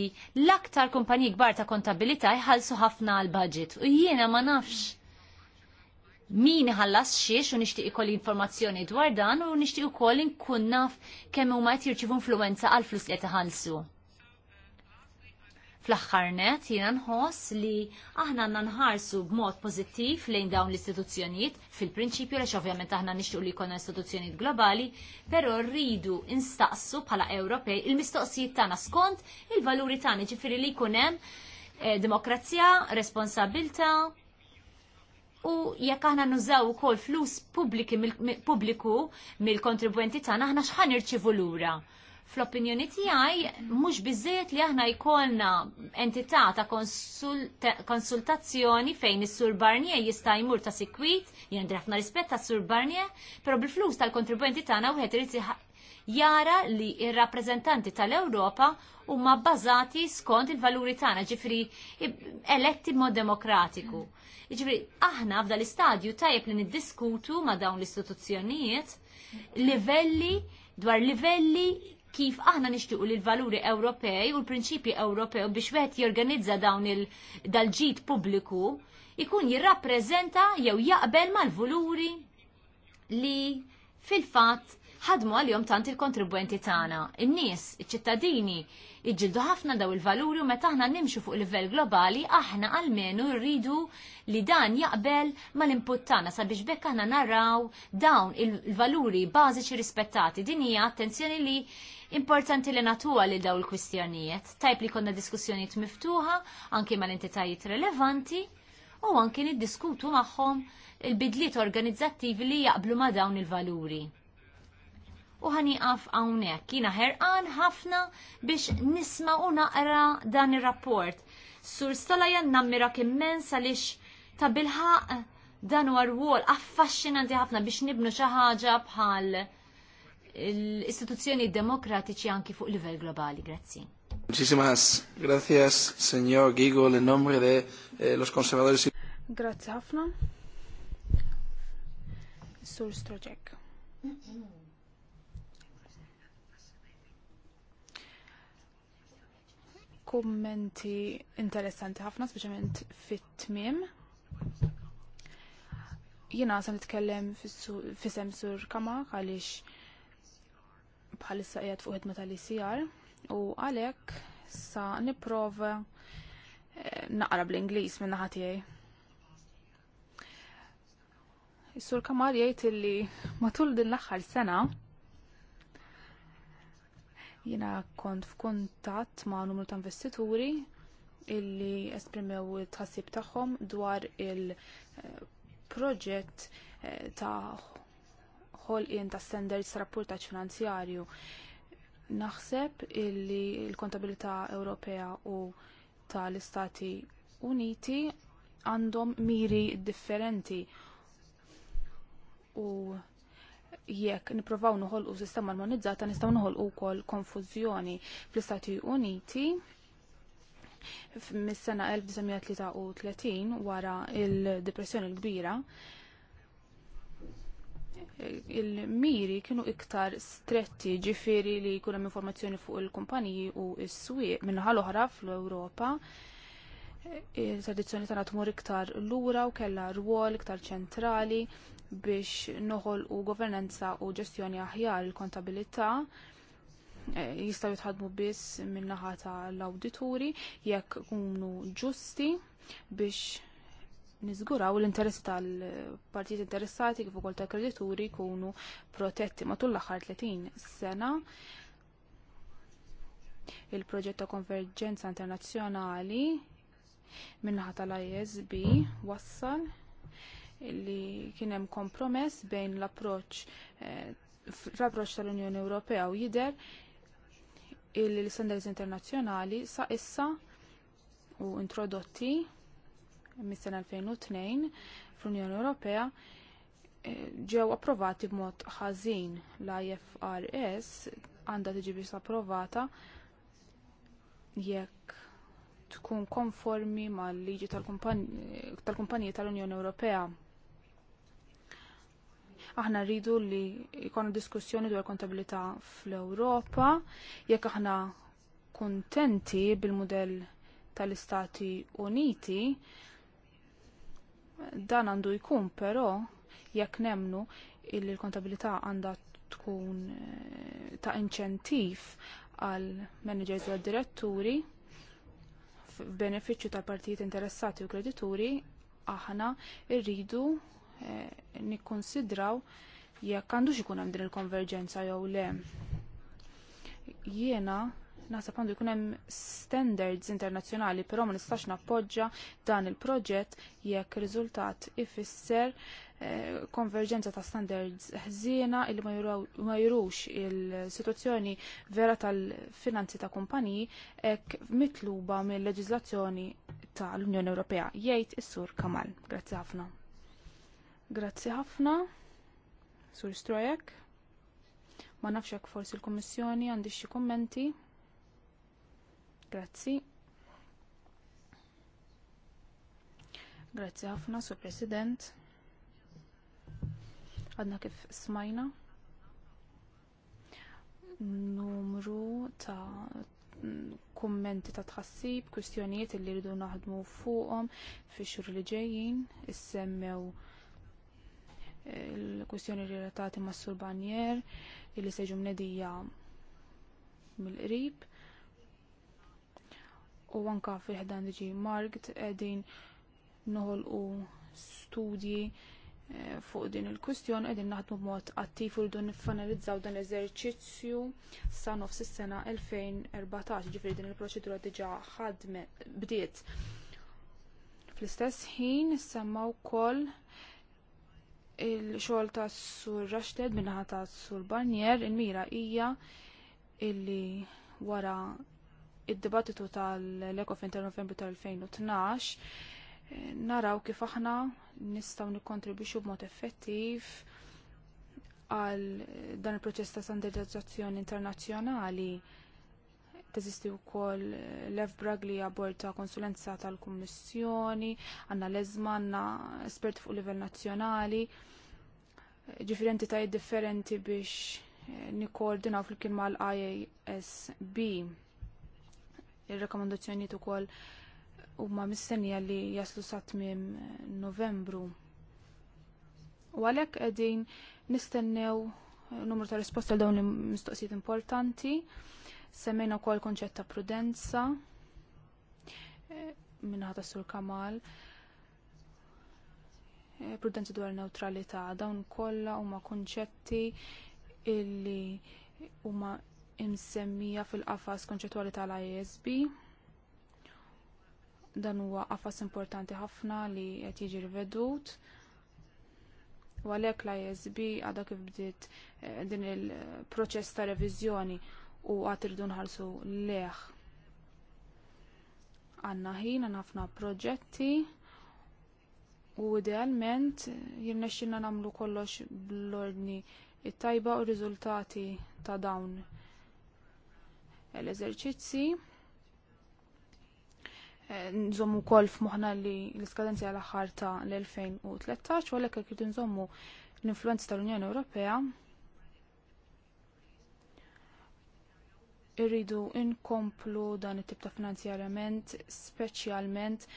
l-aktar kumpaniji kbar ta' kontabilità jħallsu ħafna għal budget u jiena ma nafx min ħallas xiex u nixtieq ikolli informazzjoni dwar dan u nixtieq ukoll inkun naf kemm huma qed jirċievu influenza għal flus li qed iħallsu. Fl-aħħar net jiena nħoss li aħna għandna nħarsu b'mod pożittiv lejn dawn l-istituzzjonijiet fil-prinċipju għax ovvjament aħna nixtiequ li jkollna istituzzjonijiet globali, però rridu instaqsu bħala Ewropej il-mistoqsijiet tagħna skont il-valuri tagħna ġifieri li jkun hemm eh, demokrazija, responsabilta, u jekk aħna nużaw ukoll flus pubbliku mill-kontribwenti tagħna aħna x'ħan irċivu lura. Fl-opinjoni tiegħi mhux bizziet li aħna jkollna entità ta' konsultazzjoni fejn is-Sur Barnier jista' jmur ta' sikwit, jien ħafna rispett ta' Sur Barnier, però bil-flus tal-kontribwenti tagħna wieħed irid jara li ir-rappreżentanti tal-Ewropa huma bbażati skont il-valuri tagħna, ġifri eletti mod demokratiku. Ġifri aħna f'dal istadju tajjeb li niddiskutu ma' dawn l-istituzzjonijiet livelli dwar livelli kif aħna nixtiequ li l-valuri Ewropej u l-prinċipji Ewropej biex wieħed jorganizza dawn il-dal-ġid pubbliku ikun jirrappreżenta jew jaqbel mal-valuri li fil-fatt ħadmu għal-jom tant il-kontribwenti tagħna. In-nies, iċ-ċittadini, iġġildu ħafna daw il-valuri u meta aħna nimxu fuq livell globali, aħna għalmenu rridu li dan jaqbel mal-input tagħna sabiex bekk aħna narraw dawn il-valuri bażiċi rispettati. Din hija attenzjoni li Importanti li natuwa li daw il-kwistjonijiet, tajb li konna diskussjonijiet miftuħa, anki mal-entitajiet relevanti, u anki niddiskutu magħhom il-bidliet organizzattivi li jaqblu ma' dawn il-valuri. U għaf hawnhekk, jiena ħerqan ħafna biex nisma' u naqra dan ir-rapport. Sur nammira nammirak immens għaliex ta' bilħaq dan huwa rwol affaxxinanti ħafna biex nibnu xi ħaġa bħal l-istituzzjoni demokratiċi anki fuq livell globali. Grazzi. Muchísimas gracias, señor Gigo, en nombre de eh, los conservadores. Grazie Hafna. Sur Strojek. Kommenti interessanti ħafna, specialment fit-tmiem. Jina sa nitkellem fissem sem sur Kamak għaliex bħalissa qiegħed fuq ħidma tal-ICR u għalhekk sa nipprova eh, naqra bl-Ingliż minn naħa tiegħi. Is-sur Kamar jgħid illi matul din l-aħħar sena jiena kont f'kuntatt ma' numru ta' investituri illi esprimew tħassib tagħhom dwar il-proġett eh, eh, ta' jien ta' standards rapportaġġ finanzjarju. Naħseb illi l-kontabilità Ewropea u tal-Istati Uniti għandhom miri differenti u jekk niprofaw noħolqu sistema armonizzata nistgħu noħolqu wkoll konfużjoni fl-Istati Uniti mis-sena 1933 wara il-depressjoni l-kbira il-miri kienu iktar stretti ġifiri li jkun hemm informazzjoni fuq il-kumpaniji u s-swieq minnaħa l-oħra fl-Ewropa il-tradizzjoni tagħna tmur iktar lura u kellha rwol iktar ċentrali biex noħolqu governanza u ġestjoni aħjar il-kontabilità e, jistgħu jitħadmu biss min-naħa tal-awdituri jekk kunu ġusti biex niżguraw l-interessi tal-partijiet interessati kif ukoll tal-kredituri jkunu protetti matul l-aħħar 30 sena il-proġett ta' konverġenza internazzjonali minnaħa tal-ISB wassal li kien hemm kompromess bejn l-approċċ eh, l-approċċ tal-Unjoni Ewropea u jidher il-standards internazzjonali sa issa u introdotti mis-sena 2002 fl-Unjoni Ewropea eh, ġew approvati b'mod ħażin l-IFRS għandha tiġi biex approvata jekk tkun konformi mal-liġi tal-kumpaniji tal-Unjoni Ewropea aħna rridu li jkunu diskussjoni dwar kontabilità fl-Ewropa, jekk aħna kuntenti bil mudell tal-Istati Uniti, Dan għandu jkun però jekk nemnu il l-kontabilità għandha tkun eh, ta' inċentiv għal managers u diretturi f'benefiċċju tal partijiet interessati u kredituri aħna rridu eh, nikkonsidraw jekk għandux ikun hemm din il-konverġenza jew le. Jiena naħseb għandu jkun hemm standards internazzjonali, però ma nistax nappoġġa dan il-proġett jekk riżultat ifisser eh, konverġenza ta' standards ħżiena li ma jurux il-sitwazzjoni vera tal-finanzi ta' kumpaniji hekk mitluba mill-leġiżlazzjoni tal-Unjoni Ewropea. Jgħid is-Sur Kamal. Grazzi ħafna. Grazzi ħafna. Sur Strojek. Ma nafx hekk forsi l-Kummissjoni għandi xi kummenti. Grazzi. Grazzi ħafna, Sur President. Għadna kif smajna. Numru ta' kummenti ta' tħassib, kwistjonijiet li rridu naħdmu fuqhom fix-xhur li ġejjin, issemmew il-kwistjoni eh, relatati mas-Sur Banjer, illi seġu mnedija mill-qrib u anka fil-ħdan diġi markt edin noħol u studji eh, fuq din il-kustjon edin naħdmu mod attiv u rridu nifanalizzaw dan l-eżerċizzju sa nofs is-sena 2014 ġifri din il-proċedura diġa ħadme bdiet. Fl-istess ħin semmaw wkoll il-xogħol ta' Sur Rashted minnaħa ta' Sur Barnier il-mira hija illi wara id-dibattitu tal-Ekof Novembru tal-2012 eh, naraw kif aħna nistgħu nikkontribwixxu b'mod effettiv għal dan il-proċess ta' standardizzazzjoni internazzjonali teżisti wkoll Lev Bragli abbord ta' konsulenza tal-Kummissjoni, għanna leżma, għanna esperti fuq livell nazzjonali, ġifieri entitajiet differenti biex eh, nikordinaw fil-kien mal-IASB. Ir-rekomandazzjonijiet ukoll huma mistennija li jaslu sa tmiem Novembru. U għalhekk qegħdin nistennew numru ta' risposta għal dawn li mistoqsijiet importanti, semmejna wkoll konċett ta' prudenza eh, minna ħata Sur Kamal eh, prudenza dwar neutralita, dawn kollha huma kunċetti illi huma imsemmija fil-qafas konċettwali tal-ISB. Dan huwa qafas importanti ħafna li qed jiġi rivedut. U għalhekk l-ISB għadha kif bdiet eh, din il-proċess ta' reviżjoni u għad irdu nħarsu leħ. Għanna ħin għandna ħafna proġetti u idealment jirnexxinna nagħmlu kollox bl-ordni it-tajba u r riżultati ta' dawn l-eżerċizzi. Eh, nżommu kol f'moħna li l-iskadenzi għal aħħar ta' l-2013, u għalhekk irridu nżommu l-influenza tal-Unjoni Ewropea. Irridu inkomplu dan it-tip ta' finanzjarament speċjalment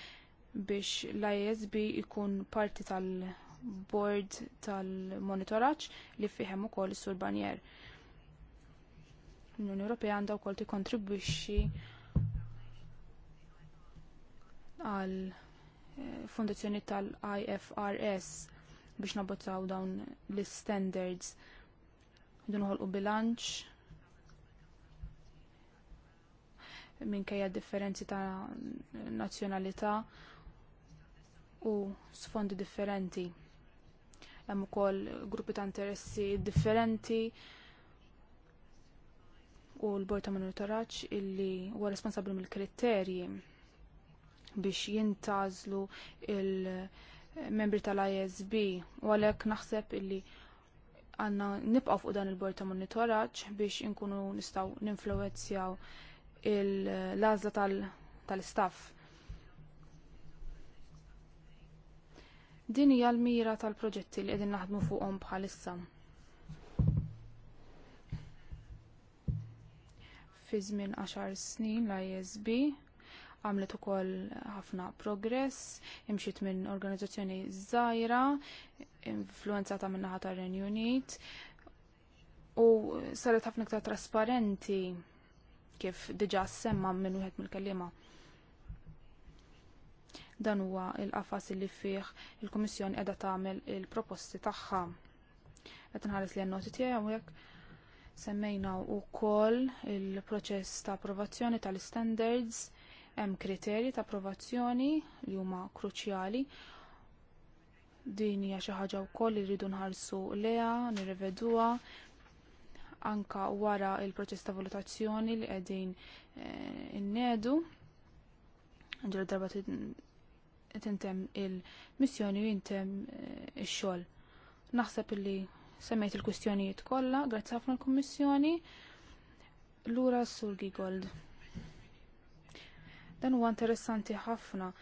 biex l-ISB ikun parti tal-board tal-monitoraċ li fiħem ukoll is-sur Banjer l-Unjoni Ewropea għandha wkoll tikkontribwixxi għal eh, fondazzjoni tal-IFRS biex nabbozzaw dawn l-standards dunħolqu bilanċ minkejja differenzi ta' nazzjonalità u sfondi differenti hemm ukoll gruppi ta' interessi differenti u l-Bord ta' Monitoraġġ illi huwa responsabbli mill-kriterji biex jintażlu il-membri tal-ISB u għalhekk naħseb illi għandna nibqgħu fuq dan il-Bord ta' Monitoraġġ biex inkunu nistgħu ninfluwenzjaw l-għażla tal-istaff. Din hija l-mira tal-proġetti li qegħdin naħdmu fuqhom bħalissa. fi żmien 10 snin l-ISB għamlet ukoll ħafna progress, imxiet minn organizzazzjoni żgħira, influenzata minn naħa tar-Renju Unit u saret ħafna ktar trasparenti kif diġà semma minn wieħed mill-kelliema dan huwa il-qafas li fih il-Kummissjoni qiegħda tagħmel il-proposti tagħha. Qed nħares li n-noti tiegħi Semmejna wkoll il-proċess ta' approvazzjoni tal-standards, hemm kriterji ta' approvazzjoni li huma kruċjali. Din hija xi ħaġa wkoll li rridu nħarsu leha, nirrevedua anka wara il-proċess ta' valutazzjoni li qegħdin eh, innedu. Ġol darba tintem il-missjoni u jintem eh, ix-xogħol. Naħseb illi semmejt il-kustjonijiet kollha, grazzi ħafna l-Kummissjoni. Lura Sur Gigold. Dan huwa interessanti ħafna.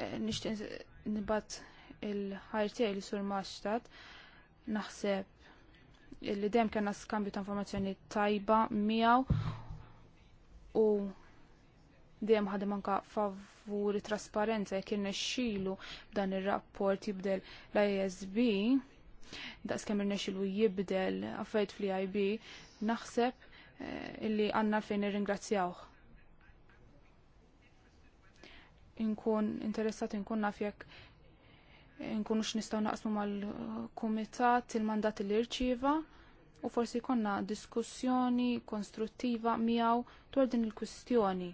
Eh, nixtieq nibgħat il-ħajr tiegħi li sur Maxtat naħseb li dejjem kellna skambju ta' informazzjoni tajba miegħu u dejjem ħadem anka favuri trasparenza jekk irnexxielu dan ir-rapport jibdel l-ISB daqs kemm irnexxilu jibdel affajt fl-IB naħseb eh, illi għanna fejn irringrazzjawh. Inkun interessat inkun naf jekk nkunu x'nistgħu naqsmu mal-kumitat il-mandat li rċieva u forsi konna diskussjoni konstruttiva miegħu dwar din il-kwistjoni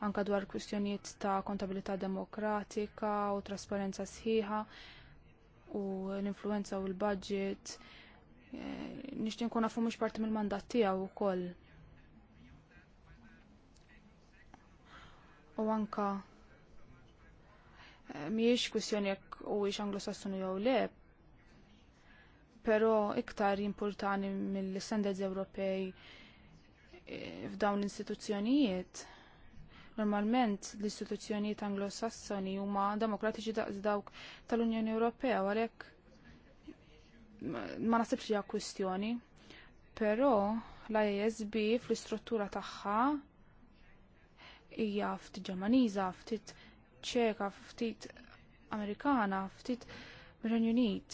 anka dwar kwistjonijiet ta' kontabilità demokratika u trasparenza sħiħa u l-influenza u l-budget. Eh, nixtieq nkun nafu mhux parti mill-mandat tiegħu wkoll. U anka eh, miex kwistjoni jekk huwiex anglosassonu jew le, però iktar jimpurtani mill-standards Ewropej eh, f'dawn l-istituzzjonijiet Normalment l-istituzzjonijiet anglosassoni huma demokratiċi daqs dawk tal-Unjoni Ewropea għalhekk ma nasibx li kwistjoni. Però l-ISB fl-istruttura tagħha hija ftit Ġermaniża, ftit ċeka, ftit Amerikana, ftit Renju Unit.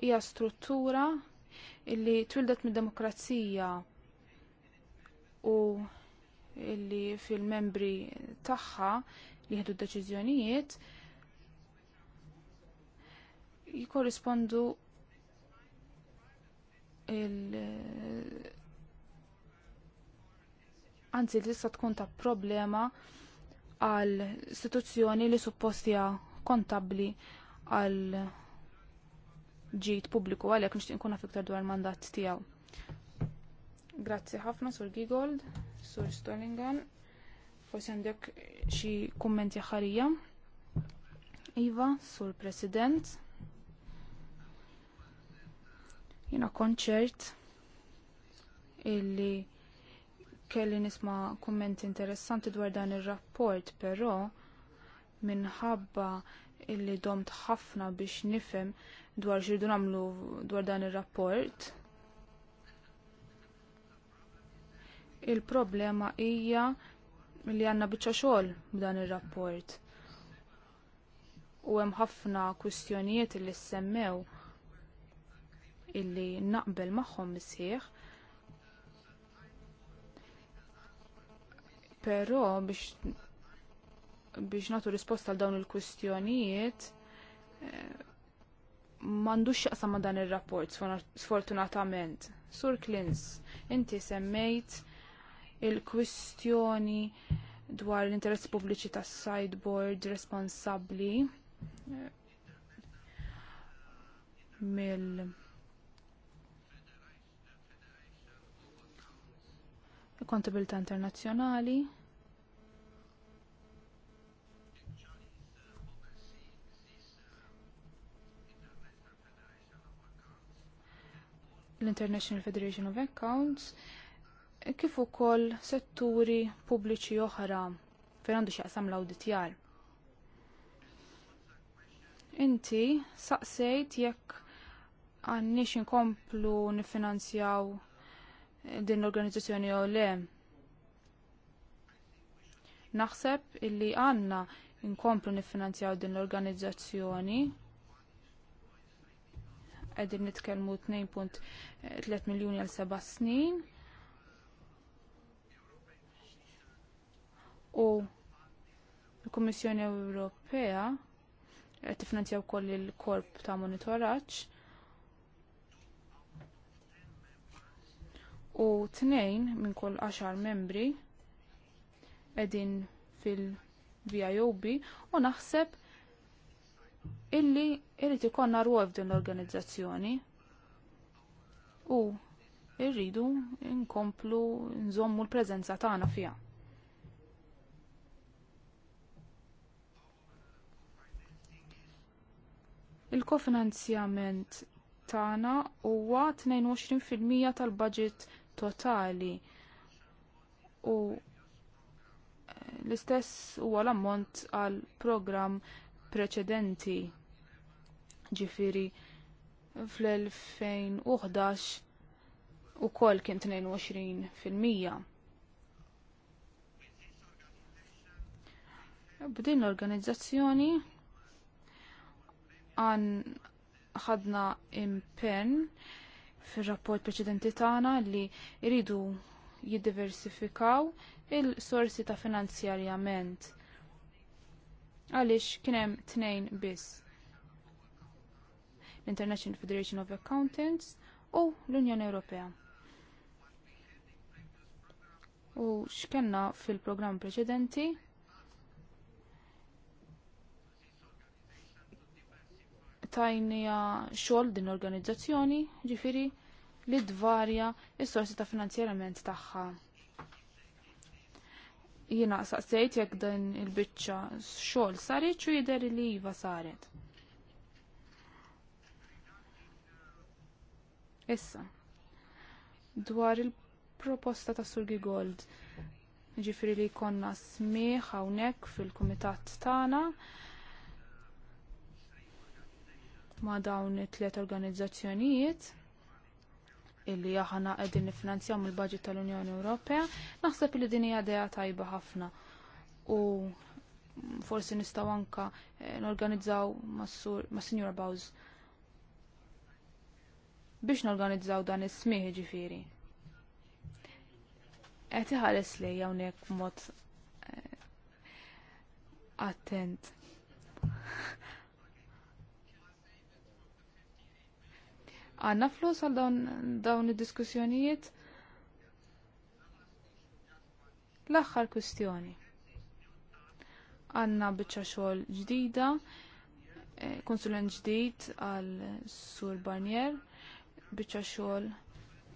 Hija struttura illi twildet mid-demokrazija u illi fil-membri tagħha li jieħdu d-deċiżjonijiet jikorrispondu il anzi tista' tkun ta' problema għal istituzzjoni li suppostija kontabbli għal ġid pubbliku għalhekk nixtieq nkun naf dwar il-mandat tiegħu. Grazzi ħafna Sur Gigold. Sur Stollingan, forsi għandek xi kummenti ħarija. Iva, sur President. Jina konċert illi kelli nisma kummenti interessanti dwar dan ir rapport però minħabba illi domt ħafna biex nifhem dwar xirdu nagħmlu dwar dan ir rapport Il-problema hija li għandna biċċa xogħol b'dan ir-rapport. U hemm ħafna kwistjonijiet li semmew illi naqbel magħhom isieħ. Però biex biex nagħtu risposta għal dawn il-kwistjonijiet eh, m'għandux xaqsa ma' dan ir-rapport sfortunatament. Sur Klins, inti semmejt il-kwistjoni dwar l-interess pubbliċi tas sideboard responsabbli eh, mill kontabilta internazjonali l-International Federation of Accounts kif ukoll setturi pubbliċi oħra fejn għandu x'jaqsam l-awditjar. Inti saqsejt jekk għanniex inkomplu nifinanzjaw din l-organizzazzjoni jew le. Naħseb illi għandna inkomplu nifinanzjaw din l-organizzazzjoni qegħdin nitkellmu 2.3 miljuni għal seba' snin u l-Kummissjoni Ewropea qed tiffinanzja wkoll il-korp ta' monitoraġġ u tnejn minn kull 10 membri qegħdin fil-VIOB u naħseb illi irrid ikonna rwol f'din l-organizzazzjoni u irridu nkomplu nżommu l-preżenza tagħna fiha. Il-kofinanzjament tagħna huwa 22% tal-budget totali u l-istess huwa l-ammont għal programm preċedenti ġifiri fl-2011 u koll kien 22%. B'din l-organizzazzjoni għan ħadna impen fil-rapport preċedenti tagħna li jridu jiddiversifikaw il-sorsi ta' finanzjarjament għaliex kien hemm tnejn biss. L-International Federation of Accountants u l-Unjoni Ewropea. U x'kenna fil-programm preċedenti tajnija xogħol din organizzazzjoni, ġifiri li dvarja s sorsi ta' finanzjerament tagħha. Jina saqsejt jekk dan il-biċċa xogħol saret u jider li iva saret. Issa, dwar il-proposta ta' Surgi Gold, ġifiri li konna smiħ hawnhekk fil-kumitat tagħna, ma' dawn it-tliet organizzazzjonijiet illi aħna qegħdin nifinanzjaw mill baġit tal-Unjoni Ewropea, naħseb li din hija idea tajba ħafna. U forsi nistgħu anka eh, norganizzaw ma' Sinjura Bowes biex norganizzaw dan is-smieħ ġifieri. Qed iħares li hawnhekk b'mod eh, attent. għanna flus għal dawn id-diskussjonijiet. L-aħħar kwistjoni. Għanna biċċa xogħol ġdida, eh, konsulent ġdid għal Sur Barnier, biċċa xogħol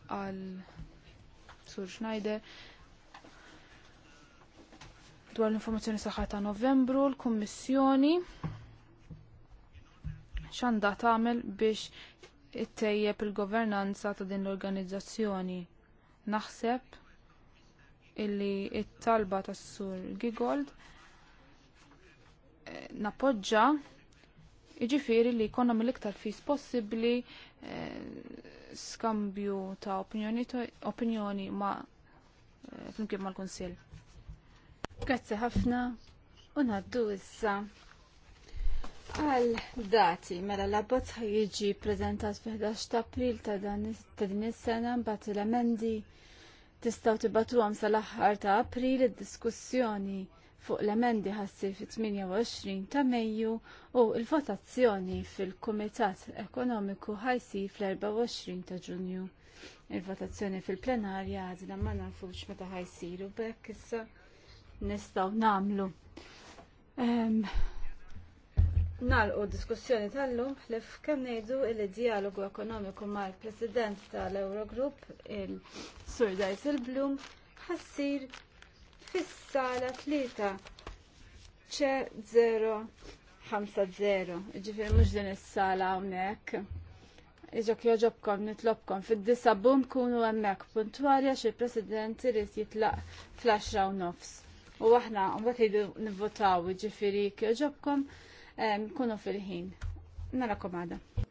għal Sur Schneider. Dwar l-informazzjoni saħħa ta' Novembru, l-Kummissjoni x'għandha tagħmel biex ittejjeb il-governanza ta' din l-organizzazzjoni. Naħseb illi t talba tas sur Gigold eh, napoġġa jiġifieri li jkollna mill-iktar fis possibbli eh, skambju ta' opinjoni, opinjoni ma' eh, flimkien mal-Kunsill. Grazzi ħafna u naddu issa Għal dati, mela l-abbozz jiġi prezentat fi 11 ta' april ta' din is-sena mbagħad l-emendi tistgħu tibatuhom sal-aħħar ta' april id-diskussjoni fuq l-emendi ħassi fit-28 ta' Mejju u l-votazzjoni fil-Kumitat Ekonomiku ħajsi fl-24 ta' Ġunju. Il-votazzjoni fil-plenarja għadna ma nafux meta ħajsiru bekk issa nistgħu nagħmlu nalqu diskussjoni tal-lum ħlif kemm ngħidu li dialogu ekonomiku mal-President tal-Eurogroup il-Sur Blum, ħassir fis-sala c 050 ġifir mhux din is-sala hawnhekk. Iġok joġobkom, nitlobkom, fid-disa bum kunu hemmhekk puntwali għax il-President irid jitlaq fl raw nofs. U aħna għumbat jidu nivvotaw, ġifieri kjoġobkom kunu fil-ħin. Narakom għada.